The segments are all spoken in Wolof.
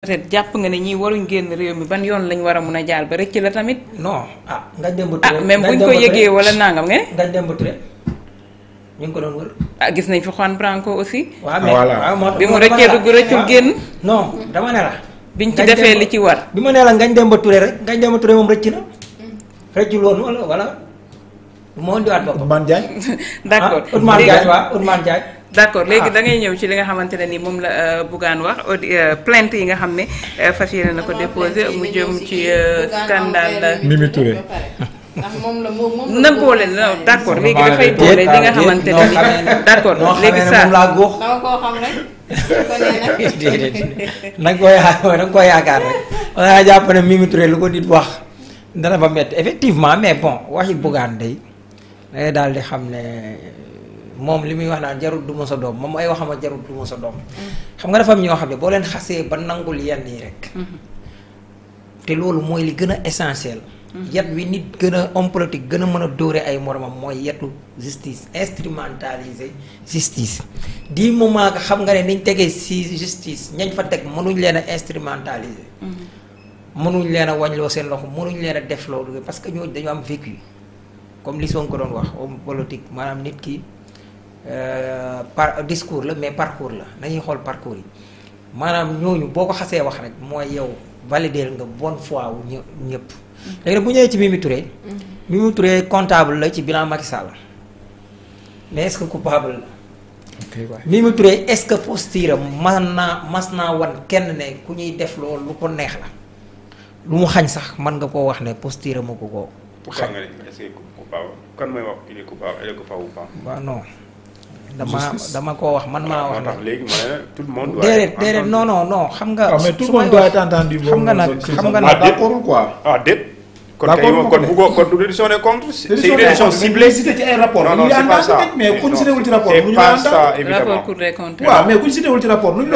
peut-être jàpp nga ne ñii waruñ génn réew mi ban yoon lañ war a mun a jaar ba rëcc la tamit. non ah nga dem ah même buñ ko yëgee wala nangam nga ne. ñu ngi ko doon ah gis nañ fi Juan Branco aussi. waaw ah, mais waaw bi mu rëccee dugg rëccul génn. Ah, non dama ne biñ ci defee li ci war. bi ma ne la Ngagne Demba rek Ngagne Demba Touré moom rëcc na. rëccul woon wala wala. moo d'accord léegi ah. da ngay ñëw ci li nga xamante ne ni moom la euh, Bougane wax euh, plant yi nga xam ne euh, fas yéene na ko déposé mu jëm ci scandale Mimi Touré ndax moom la moom moom la boole d'accord léegi dafay boole li nga xamante ne ni d'accord léegi saa nag koo yaakaar nag koo yaakaar jàpp ne Mimi lu ko nit wax dana ba métti effectivement mais bon waxi Bougane day dangay daal di xam ne moom li muy wax naan jarul du ma sa doom moom ay waxama jarul du ma sa doom xam nga dafa am ñoo xam ne boo leen xasee ba nangul yenn yi rek te loolu mooy li gën a essentiel yat wi nit gën a homme politique gën a mën a dóore ay moromam mooy yetu justice instrumentaliser justice di moment nga xam nga ne niñ tegee si justice ñañ fa teg mënuñ leen a instrumentaliser mënuñ leen a wàññiloo seen loxo mënuñ leen def loolu parce que ñooñu dañu am vécu comme li ko doon wax homme politique maanaam nit kii Euh, par discours la mais parcours la nañuy xool parcours yi maanaam ñooñu boo ko xasee wax rek mooy yow valider nga bon foi wu ñëpp. léegi nag bu ñëwee ci Mimi Touré. Mm-hmm. Mimi comptable la ci bilan Macky Sall mais est-ce que coupable la. ok waay Mimi Touré naa mas naa wan kenn ne ku ñuy def loolu lu ko neex la lu mu xañ sax mën nga koo wax ne posture ma ko ko. xañ nga est-ce coupable kan mooy wax il est coupable il est dama dama koo wax man maa wax. nag léegi tout le monde. déedéet déedéet non non non xam nga. mais tout le monde doit être entendu xam nga nag xam nga nag d'accord quoi. ah déet. kon kay kon bu ko kon réduction des comptes. c'est une réduction ciblée ci ay rapport non non c'est pas ça mais ku ñu cité wul ci rapport. c'est pas ça évidemment rapport Cour des comptes. waaw mais ku ñu cité wul ci rapport. non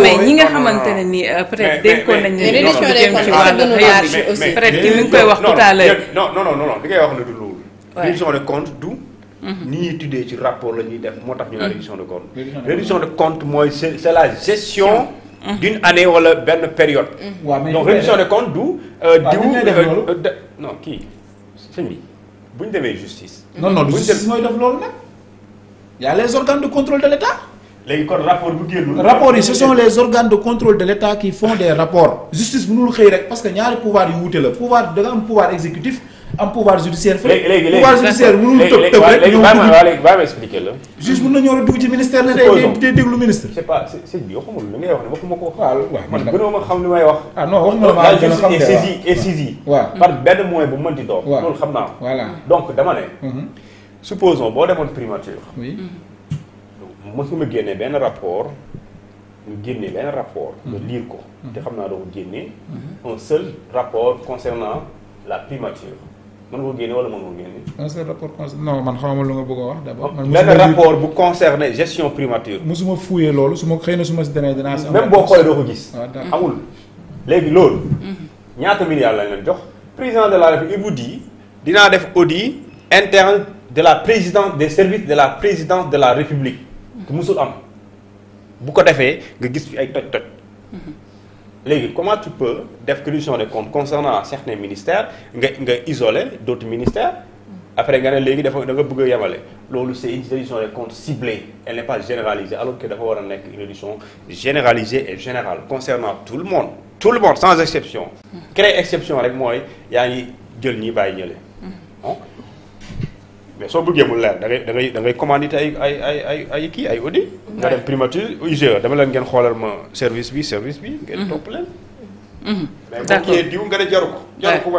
mais ñi nga xamante ne ni peut-être dénkoon nañu. mais réduction des comptes dunu large aussi. peut-être ki mi ngi koy wax tout à l'heure. non non non non li ngay wax ne du loolu. réduction des comptes du. Mm-hmm. ni ñuy tuddee ci rapport la ñuy def moo tax ñu naan mm-hmm. réduction de compte. réduction de compte mooy c' est la gestion. Mm-hmm. d' une année wala benn période. donc réduction de compte du. Euh, diw euh, euh, non kii sëñ bi bu ñu demee justice. mooy def loolu nag. y les organes de contrôle de l' État. léegi kon rapport bu génnul. rapport yi ce sont les organes de contrôle de l' État qui font des rapports. justice mënul xëy rek parce que ñaari pouvoir yu wuute la pouvoir da am pouvoir exécutif. am pouvoir judiciaire fële. léegi léegi pouvoir judiciaire mënul tëb tëb rek. léegi bàyyi ma léegi bàyyi ma expliqué la. juge mën nañoo war a dugg ci ministère la. supposons day déglu ministre. c'est pas sëñ bi waxuma lu ngay wax ne waxuma ko. waaw waaw man gënoo ma xam li may wax. ah non wax nga ma la gën a xam ne waaw saisi et saisi. waaw par benn moyen bu mënti doon. waaw loolu xam naa ko. voilà donc dama ne. Mhm. supposons boo demoon primature. oui. Mhm. mosuma génne benn rapport. ñu génne benn rapport. Mhm. nga lire ko. te xam naa doo génne. un seul rapport concernant la primature. mën nga génne wala mën nga ko génne. c'est rapport non man xamama lu nga bëgg a wax d'abord. Oh, man benn rapport bu concerné gestion primature. musuma fouillé loolu su ma xëy na su ma si demee dinaa si. même boo xoolee doo ko gis. Ah, amul léegi loolu. Mhm. ñaata milliards lañ leen jox. président de la République bu di dinaa def audit interne de la président des services de la président de la République. Mhm. te musul am bu ko defee nga gis fi ay toj-toj. Mhm. léegi comment tu peux def réduction des comptes concernant certains ministères nga nga isoler d' autres ministères après nga ne léegi dafa da nga bëgg a yemale loolu c' est une réduction des comptes ciblée elle n' pas généralisée alors que dafa war a nekk une réduction généralisée et générale concernant tout le monde tout le monde sans exception créer exception rek mooy yaa ngi jël ñi bay jële mm-hmm. mais soo bëggee mu leer da ngay da commandité ay ay ay ay kii ay audit. nga dem primature IGE dama leen ngeen xoolal ma service bi service bi. ngeen mm-hmm. topp leen. Mm-hmm. mais boo kiiyee nga ne jaru ko. jaru ko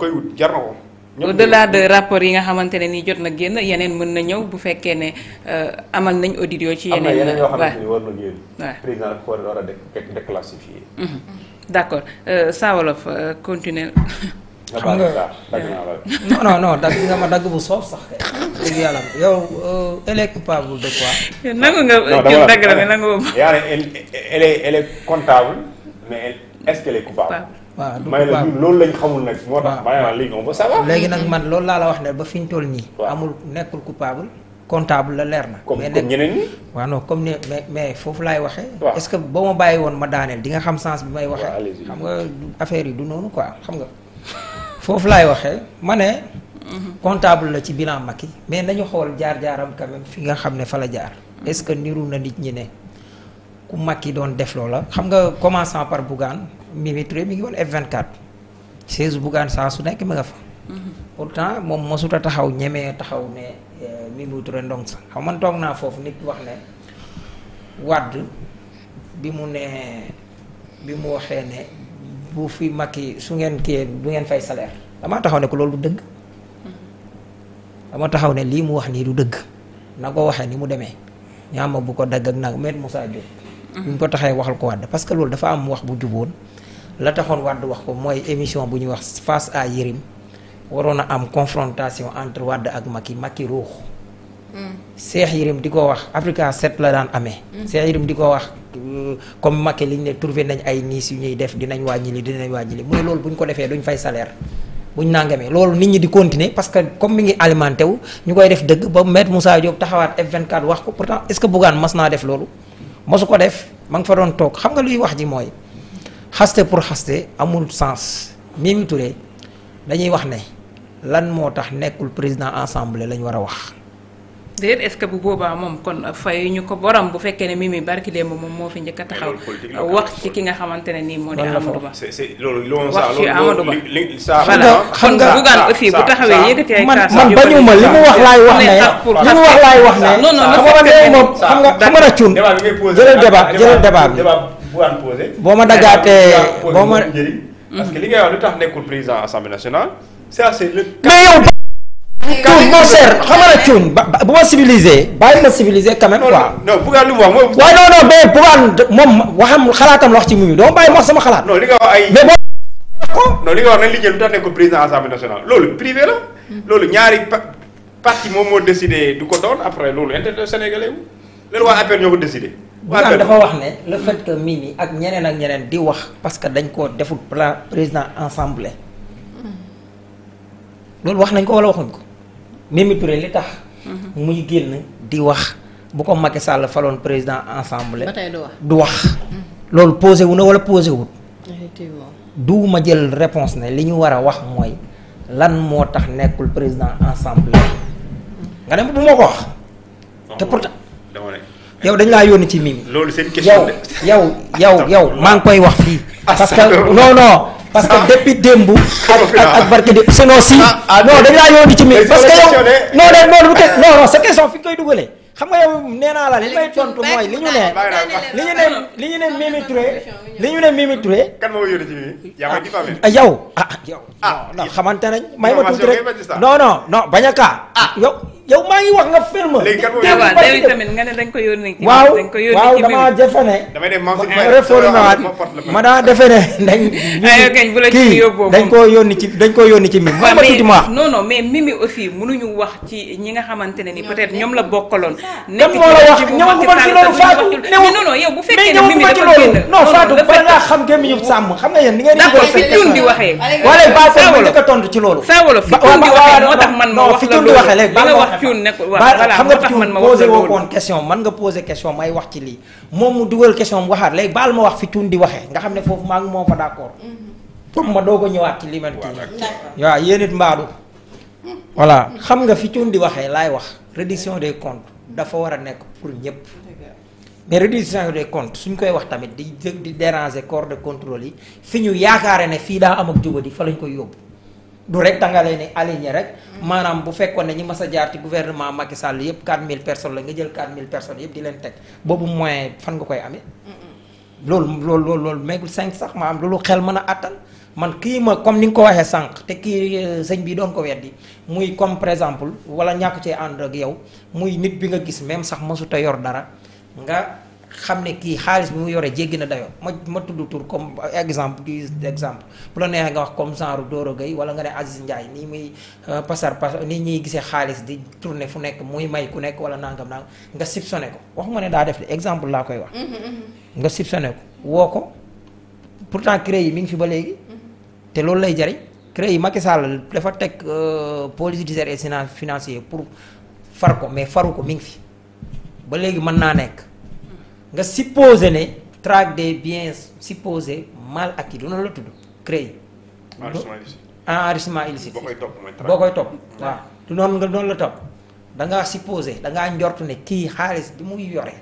ko. au delà yi nga xamante ne nii jot na génn yeneen mën na ñëw bu fekkee ne euh, amal nañ audit ci am na yeneen yoo xamante ni war na génn. waaw président dafa ko war a xam nga non non non dagg nga ma dagg bu soof sax kay. dëgg yàlla yow eh, elle est coupable de quoi. nangu nga jël dagg la mais nangu nga. yaa ne elle est elle est comptable mais est-ce qu'elle est coupable. waaw du may la ñun loolu lañ xamul nag. moo tax may la léegi moom ba ça va. léegi nag man loolu laa la wax ne ba fi ñu toll nii. amul nekkul coupable. comptable la leer na. mais comme ñeneen ñi. waaw non comme ne mais mais foofu laay waxee. est ce que ba ma bàyyi woon ma daaneel di nga xam sens bi may waxee. xam nga affaire yi du noonu quoi xam nga. foofu laay waxee ma ne. comptable la ci bilan Macky mais nañu xool jaar-jaaram quand même fi nga xam ne fa la jaar. est-ce que niru na nit ñi ne ku ki doon def loola. xam nga commençant par Bougane Mimi Touré mi ngi woon F24 16 Bougane su nekk mi nga fa. temps moom mosut a taxaw ñemee taxaw ne eh, Mimi Touré ndong sa xam man toog naa foofu nit wax ne Wade bi mu ne bi mu waxee ne. bu fi Macky su ngeen kiyee du ngeen fay salaire damaa taxaw ne ko loolu du dëgg dama taxaw ne lii mu wax nii du dëgg na ko waxee ni mu demee ma bu ko dagg ak nag met Moussa Diop mhm. buñ ko taxee waxal ko Wade parce que loolu dafa am wax bu juboon la taxoon Wade wax ko mooy émission bu ñuy wax face à Yérim waroon a am confrontation entre Wade ak Macky Macky ruux Cheikh Yérim di ko wax Africa 7 la daan amee. Mm. Cheikh Yérim di ko wax comme Macky liñ ne trouvé nañ ay niis yu ñuy def dinañ wàññi li dinañ wàññi li mu ne loolu bu ñu ko defee duñ fay salaire. buñ nangamee loolu nit ñi di continuer parce que comme mi ngi alimenté wu ñu koy def dëgg ba maître Moussa Diop taxawaat F24 wax ko pourtant est-ce que Bougane mas naa def loolu. masu ko def ma ngi fa doon toog xam nga luy wax ji mooy xaste pour xaste amul sens Mimi dañuy wax ne lan moo tax nekkul président assemblée lañ war a wax. déet est bu boobaa moom kon fay ñu ko borom bu fekkee ne Mimi barki démb moom moo fi njëkk a taxaw wax ci ki nga xamante ne nii moo di Amadou Ba loolu loolu wax ci Amadou ma li mu wax laay wax ne li mu wax laay wax ne non moom xam nga xam nga raccun jëlal débat jëlal débat bi boo ma dagaatee boo ma parce que li ngay lu tax nekkul président assemblée nationale c'est assez le tuun mon cher xam nga ba tuun bu ma civilisé bàyyi ma civilisé quand même quoi. non Bougane lu moom. waaye non non mais Bougane xalaatam la wax ci Mimi doo bàyyi ma wax sama xalaat. li nga wax ay. mais boo. wax nag li ngeen doon nekk président assemblée nationale loolu privé la. loolu ñaari parti moom moo décidé du ko doon après loolu intérêt sénégalais wu loolu waa APR ñoo ko décidé. Bougane dafa wax ne le fait que Mimi ak ñeneen ak ñeneen di wax parce que dañ koo deful plan président assemblée hmm. loolu wax nañ ko wala waxuñ ko. Mimi Touré li tax. Mhm. muy génn di wax bu ko mag Sall faloon président ensemble. ba tey du wax du wax. Mhm. loolu posé wu na wala posé wut. effectivement jël réponse na li ñu war a wax mooy lan moo tax nekkul président ensemble. nga dem bu moo ko wax. te pourtant yow dañ laa yoon ci Mimi. loolu seen question yow yow yow maa ngi koy wax fii. parce que ah, non parce que ah. depuis démb. ak barke di sinon si. Ah, ah, non dañ laa yoon ci mi parce que yow. non non non non non non sa question fi nga koy dugalee. xam la li may tontu mooy li ne. li ñu ne li ñu ne Mimi Touré li ñu ne Mimi Touré. kan ah ah yow. ah may ma tuuti rek non non non bañ yow maa ngi wax nga ferme. léegi kat mooy tamit dañ ko yónni. waaw waaw damaa defe ne. damay dem ma ma daa ne kii dañ koo yónni ci dañ koo yónni ci mimi. waaw mais non non mais mimi wax ci ñi nga xamante ne ni peut-être ñoom la bokkaloon. nekk ci non non yow bu fekkee ne mimi dafa génn non Fatou ba nga xam gémmiñu sàmm xam nga yéen ni ngeen di. ñun di waxee. wala baax na ma a tontu ci loolu. fi tuuti waxee moo tax man ma wax la loolu tax cuun nekkul voilà xam nga cuun posé woo koon question man nga posé question may wax ci lii moom mu dugal question mu waxaat léegi baal ma wax fi cuun di waxee nga xam ne foofu maa ngi moom fa d'accord comme mhm. ma doo ko ñëwaat ci li man kii waaw yéen it mbaadu xam nga fi cuun di waxee laay wax réduction des comptes dafa war a nekk pour ñëpp mais réduction des comptes suñ koy wax tamit di di déranger corps de contrôle yi fi ñu yaakaare ne fii daa am ak jubadi fa lañ koy yóbbu du rek da nga leen di rek. maanaam bu fekkoon ne ñi mas a jaar ci gouvernement Macky Sall yëpp 4000 personnes la nga jël 4000 personnes yëpp di leen teg boobu moyen fan nga koy amee. loolu loolu loolu loolu meegul 5 sax maanaam loolu xel mën a attan man kii ma comme ni nga ko waxee sànq te kii euh, sëñ bi doon ko weddi muy comme par exemple wala ñàkk cee ànd ak yow muy nit bi nga gis même sax mosut a yor dara nga. xam ne kii xaalis bi mu yoree jéggi na dayoo ma ma tudd tour comme exemple kii exemple bu la neexee nga wax comme genre Doro Gueye wala nga ne Aziz Ndiaye nii muy euh, pasar pasar nii ñuy gisee xaalis di tourner fu nekk muy may ku nekk wala nangam nangam nga soupçonné ko waxuma ne daa def exemple laa koy wax. Mm-hmm, mm-hmm. nga soupçonné ko woo ko pourtant CREI yi mi ngi fi ba léegi. Mm-hmm. te loolu lay jariñ CREI yi Macky Sall dafa teg euh, politique judiciaire et financier pour far ko mais faru ko mi ngi fi ba léegi mën naa nekk. nga supposé ne traque de bien supposés mal acquis du noonu la tudd CREI. enrichissement illicite enrichissement illicite. boo koy topp mooy koy topp waaw du noonu nga noonu la topp da ngaa supposé da ngaa njort ne kii xaalis bi muy yore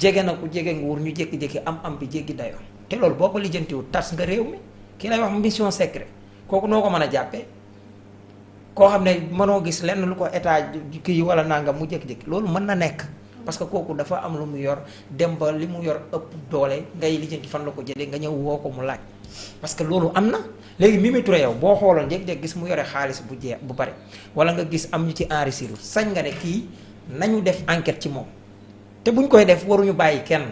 jege na ku jege nguur ñu jékki-jékki am am bi jéggi dayoo te loolu boo ko lijjantiwul tas nga réew mi ki lay wax mission secret kooku noo ko mën a jàppee. koo xam ne mënoo gis lenn lu ko état kii wala nangam mu jékki-jékki loolu mën na nekk. parce que kooku dafa am lu mu yor dem ba li mu yor ëpp doole ngay lijjanti fan la ko jëlee nga ñëw woo ko mu laaj parce que loolu am na léegi Mimi Touré yow boo xooloon jékki-jékki gis mu yore xaalis bu jeex bu bari wala nga gis am ñu ci enrichir sañ nga ne kii nañu def enquête ci moom te buñ koy def waruñu bàyyi kenn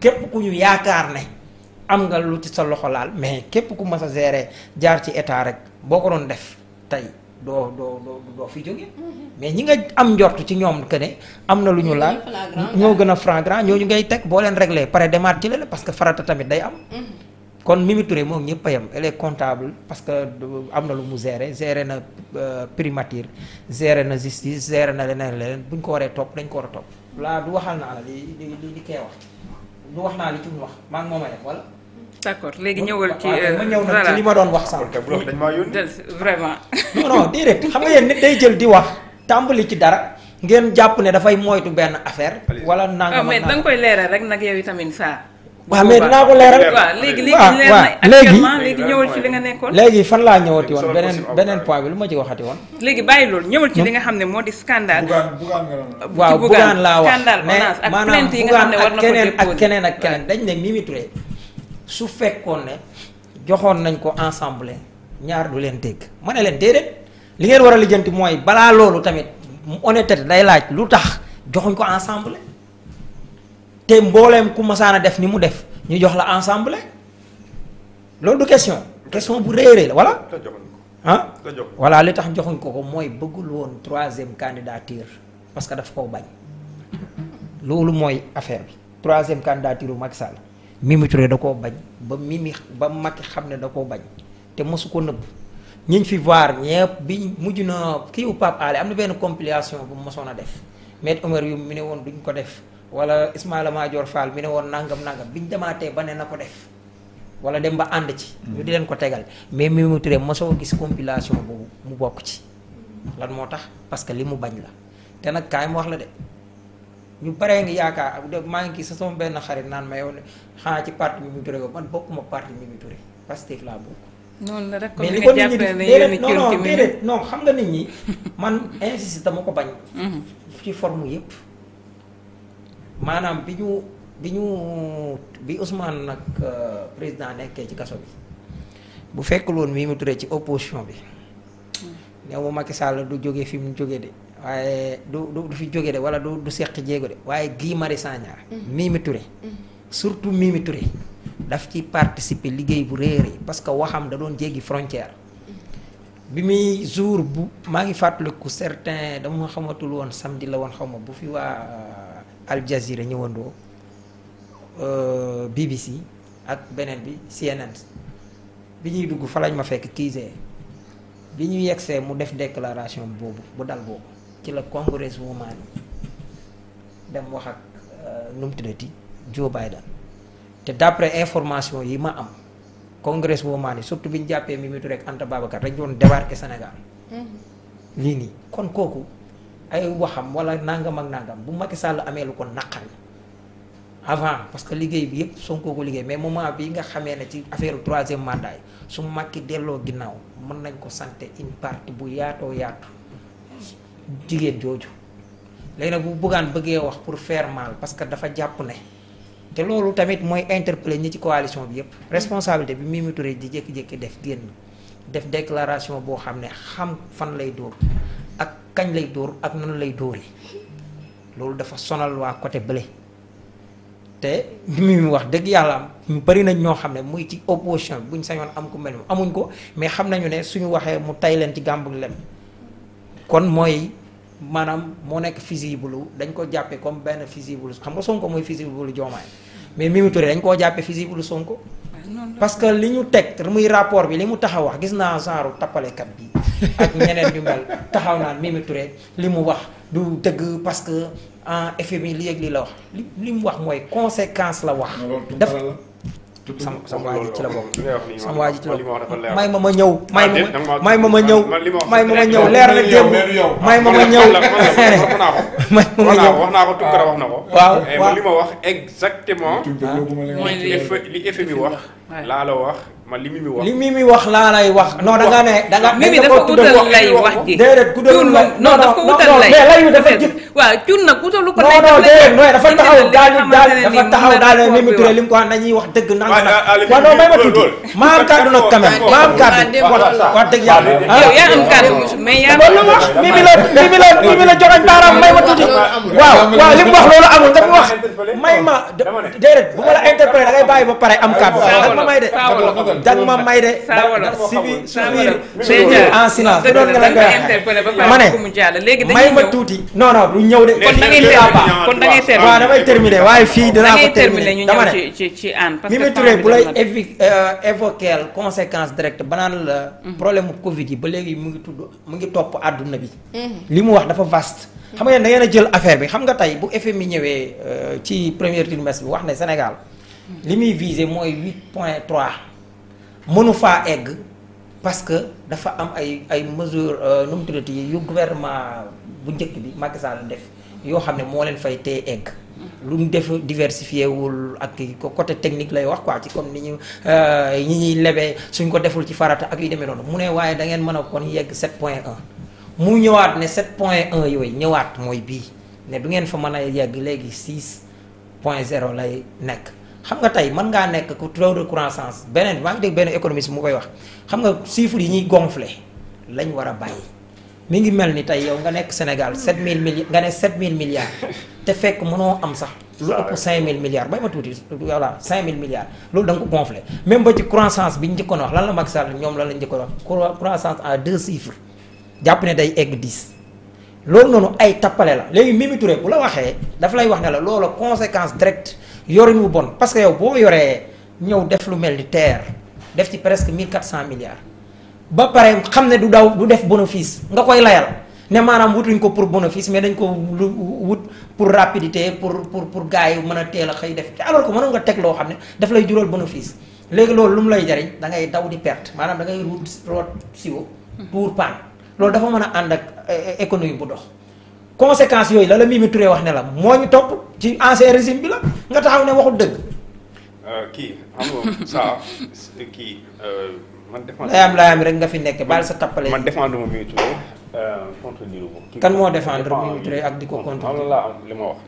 képp ku ñu yaakaar ne am nga lu ci sa loxo laal mais képp ku mas a gérer jaar ci état rek boo ko doon def tey doo doo doo fi jóge mais ñi nga am njort ci ñoom que am na lu ñu laal ñoo gën a flagrant ñooñu ngay teg boo leen réglé pare demaat ci la parce que farata tamit day am mm-hmm. kon Mimi Touré moom ñëpp a yem elle comptable parce que am na lu mu gérer gérer na euh, primature gérer na justice gérer na leneen leneen bu ko waree topp dañ ko war a topp laa du waxal naa la li li li kee wax du wax naa li ci mu wax maa moom a yem wala d'accord léegi ñëwal ci. Ah, euh, ñëw nag ci li ma doon wax sànq. vraiment. non non déedéet xam nga yéen nit day jël di wax tàmbali ci dara. ngeen jàpp ne dafay moytu benn affaire. wala nangam ah, mais da nga koy leeral rek nag yow tamit saa. waa mais dinaa ko leeral. léegi léegi leer na actuellement léegi ñëwal ci nekkoon. léegi fan laa ñëwati woon beneen beneen point bi lu ma ci waxati woon. léegi bàyyi loolu ñëwal ci hmm? li nga xam ne moo di scandale. waaw bugaan laa wax mais maanaam bugaan ak keneen ak keneen ak keneen dañ ne Mimi Touré su fekkoon ne joxoon nañ ko ensemble ñaar du leen dégg ma ne leen déedéet li ngeen war a lijjanti mooy balaa loolu tamit mu honnêteté day laaj lu tax joxuñ ko ensemble te mbooleem ku masaan a def ni mu def ñu jox la ensemble loolu du question question bu réeree la voilà. ah voilà li tax joxuñ ko ko mooy bëggul woon troisième candidature parce que daf koo bañ loolu mooy affaire bi troisième candidature bu Macky Mimi Touré da koo bañ ba Mimi ba Macky xam ne da koo bañ te mosu ko nëbb ñiñ fi voir ñëpp bi mujj na kii u Pape ale am na benn compilation bu mosoon a def Maître Oumar Youm mi ne woon duñ ko def wala Ismaïla Madior Fall mi ne woon nangam nangam biñ demaatee ba ne na ko def wala dem ba ànd ci. Mm. ñu di leen ko tegal mais Mimi Touré mosoo gis compilation boobu mu bokk ci. lan moo tax parce que li mu bañ la te nag kaay wax la de. ñu baree ngi yaakaar ak maa ngi gis sa sama benn xarit naan ma yow ne xanaa ci parti Mimi Touré ko man bokkuma parti Mimi Touré Pastef laa bokk. noonu la rek comme ni nga jàppale ne yéen a non non déedéet xam nga nit ñi man insiste dama ko bañ. Mhm. ci forme yëpp maanaam bi ñu bi ñu bi Ousmane nag euh, président nekkee ci kaso bi bu fekk loon mu Touré ci opposition bi. Mhm. néew mu Macky Sall du jóge fi mu jógee de. waaye du du du fi jóge de wala du du seq jéego de waaye Guy Marius Sagna. Mm-hmm. Mimi mm-hmm. surtout Mimi Touré daf ci participer liggéey bu réer yi parce que waxam da doon jéggi frontière. Mm-hmm. bi muy jour bu maa ngi fàttaliku certain dama xamatul woon samedi la woon xam ma bu fi waa euh, Al Jazeera ñëwandoo euh, BBC ak beneen bi CNN bi ñuy dugg fa lañ ma fekk kiisee bi ñu yegsee mu def déclaration boobu bu dal boobu. ci la congrès woman dem wax ak euh, nu mu tuddati Joe Biden te d'après information yi ma am congrès woman yi surtout bi ñu jàppee Mimi Touré ak Anta Babacar dañ doon débarquer Sénégal mm-hmm. lii nii kon kooku ay waxam wala nangam ak nangam bu Macky Sall amee lu ko naqari avant parce que liggéey bi yëpp Sonko ko liggéey mais moment bi nga xamee ne ci affaire troisième mandat yi su makki delloo ginnaaw mën nañ ko sante une partie bu yaatoo yaatu jigéen jooju léegi nag bu buggaan bëggee wax pour faire mal parce que dafa jàpp ne te loolu tamit mooy interpeller ñi ci coalition bi yépp responsabilité bi Mimi Touré di jékki-jékki def génn def déclaration boo xam ne xam fan lay dóor ak kañ lay dóor ak nan lay yi loolu dafa sonal waa côté bële te mi mu wax dëgg yàlla am ñu bari nañ ñoo xam ne muy ci opposition buñ sañoon am ku mel amuñ ko mais xam nañu ne suñu waxee mu tay leen ci gàmbu lem kon mooy maanaam moo nekk fusible dañ ko jàppe comme benn fusible xam nga Sonko mooy fusible Diomaye mais Mimi Touré dañ koo jàppe fusible Sonko parce que li ñu teg muy rapport bi li mu taxaw wax gis naa genre tappalekat bi ak ñeneen ñu mel taxaw naan Mimi Touré li mu wax du dëgg parce que en effet bi li yëg li la wax li li mu wax mooy conséquence la wax daf sama sama waa ji ci la bokk sama waa ji ci la bokk may ma ma ñëw ah, may ma ma ma ñëw may ma ma ñëw leer na démb may ma ma ñëw may ma ma ñëw wax naa ko tukkara wax na ko waaw waaw eh, li ma wax exactement ah, li effet bi wax laa la wax man li Mimi wax li Mimi wax laa lay wax. non da nga ne da nga. Mimi dafa utal lay wax ji déedéet ku doon lay non dafa utal lay mais lay wi dafa jël. waaw cuun nag utalu ko lay non non déedéet nooy dafa taxaw daal dafa taxaw daal ne Mimi Touré li mu ko wax nañuy wax dëgg nanga nag waaw non may ma tuuti ma am kàddu nag quand même ma am kàddu wax dëgg yàlla ah. yow yaa am kàddu mais yaa loolu la wax Mimi la Mimi la Mimi la joxañ baaraam may ma tuuti waaw waaw li mu wax loolu amul dafa wax may ma déedéet bu ma la interpellé da ngay bàyyi ba pare am kàddu ma may de dang ma may de. saa wala xamul saa wala en silence. da doon nga la nga ma ne may ma tuuti. non non du ñëw de. kon da ngay terminer kon da ngay terminer waaw damay terminer waaye fii dinaa ko terminer dama ne ci ci an parce que Mimi Touré bu lay évi euh, évoquer conséquence directe banaan la. Mhm. problème mu Covid yi ba léegi mu ngi tudd mu ngi topp àdduna bi. Mhm. li mu wax dafa vaste. Mhm. xam nga da ngeen a jël affaire bi xam nga tey bu FMI ñëwee euh, ci premier trimestre bi wax ne Sénégal li muy visé mooy huit point trois mënu faa egg parce que dafa am ay ay mesures euh, nu mu tuddati yu gouvernement bu njëkk bi Macky Sall def yoo xam ne moo leen fay tee egg. lu mu def diversifié wul ak côté technique lay wax quoi ci comme ni ñu euh, ñi ñuy lebee suñ ko deful ci farata ak yu demee noonu mu ne waaye da ngeen mën a kon yegg 7 point 1 mu ñëwaat ne 7 point un yooyu ñëwaat mooy bii ne du ngeen fa mën a yegg léegi 6 point 0 lay nekk. xam nga tey man ngaa nekk ku taux de croissance beneen maa ngi dégg benn économiste mu koy wax xam nga chiffres yi ñuy gonflé lañ war a bàyyi mi ngi mel ni tey yaw nga nekk Sénégal 7000 mili nga ne 7000 milliards te fekk mënoo am sax. lu ëpp 5000 milliards bay ma tuuti voilà 5000 milliards loolu da nga ko gonflé même ba ci croissance bi ñu njëkkoon wax lan la Macky Sall ñoom lan la njëkkoon wax croissance à deux chiffres jàpp ne day egg loolu noonu ay tappale la léegi Mimi Touré bu la waxee dafa lay wax ne la loola conséquence directe yorin wu bon parce que yow boo yoree ñëw def lu mel ni terre def ci presque cent milliards ba pare xam ne du daw du def bénéfice nga koy layal ne maanaam wutuñ ko pour bénéfice mais dañ ko lu wut pour rapidité pour pour pour gars yi mën a teel a xëy def ci alors que mënoon nga teg loo xam ne daf lay jural bénéfice léegi loolu lu mu lay jariñ da ngay daw di perte maanaam da ngay root root pour paan loolu dafa mën a ànd ak eh, eh, économie bu dox conséquences yooyu la la Mimi Touré wax ne la moo ñu topp ci ancien régime bi la nga taxaw ne waxul dëgg. Euh, kii xam nga saa kii euh, man. défendre layaam layaam rek nga fi nekk baal sa tappale. man défendre ma Mimi Touré euh, kan moo défendre Mimi Touré ak di ko contre. am li ma wax.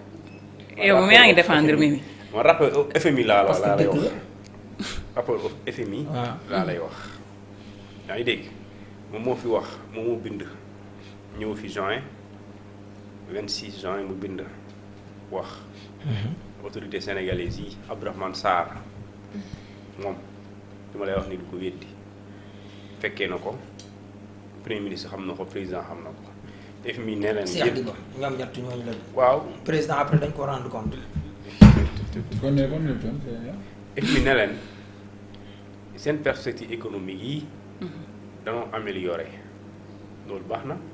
Eh, yow moom yaa ngi défendre Mimi. ma rappel FMI laa la laa lay wax rappel FMI. lay wax yaa ngi dégg. moom moo fi wax moom moo bind ñëw fi juin 26 juin mu bind wax mm-hmm. autorité sénégalaise yi Abdourahmane Sarr mm-hmm. moom li lay wax ni ko weddi fekkee na ko premier ministre xam na ko président xam na ko def mi waaw président après dañ ko rendre compte seen perspective économique yi mm-hmm. danoo améliorer loolu baax na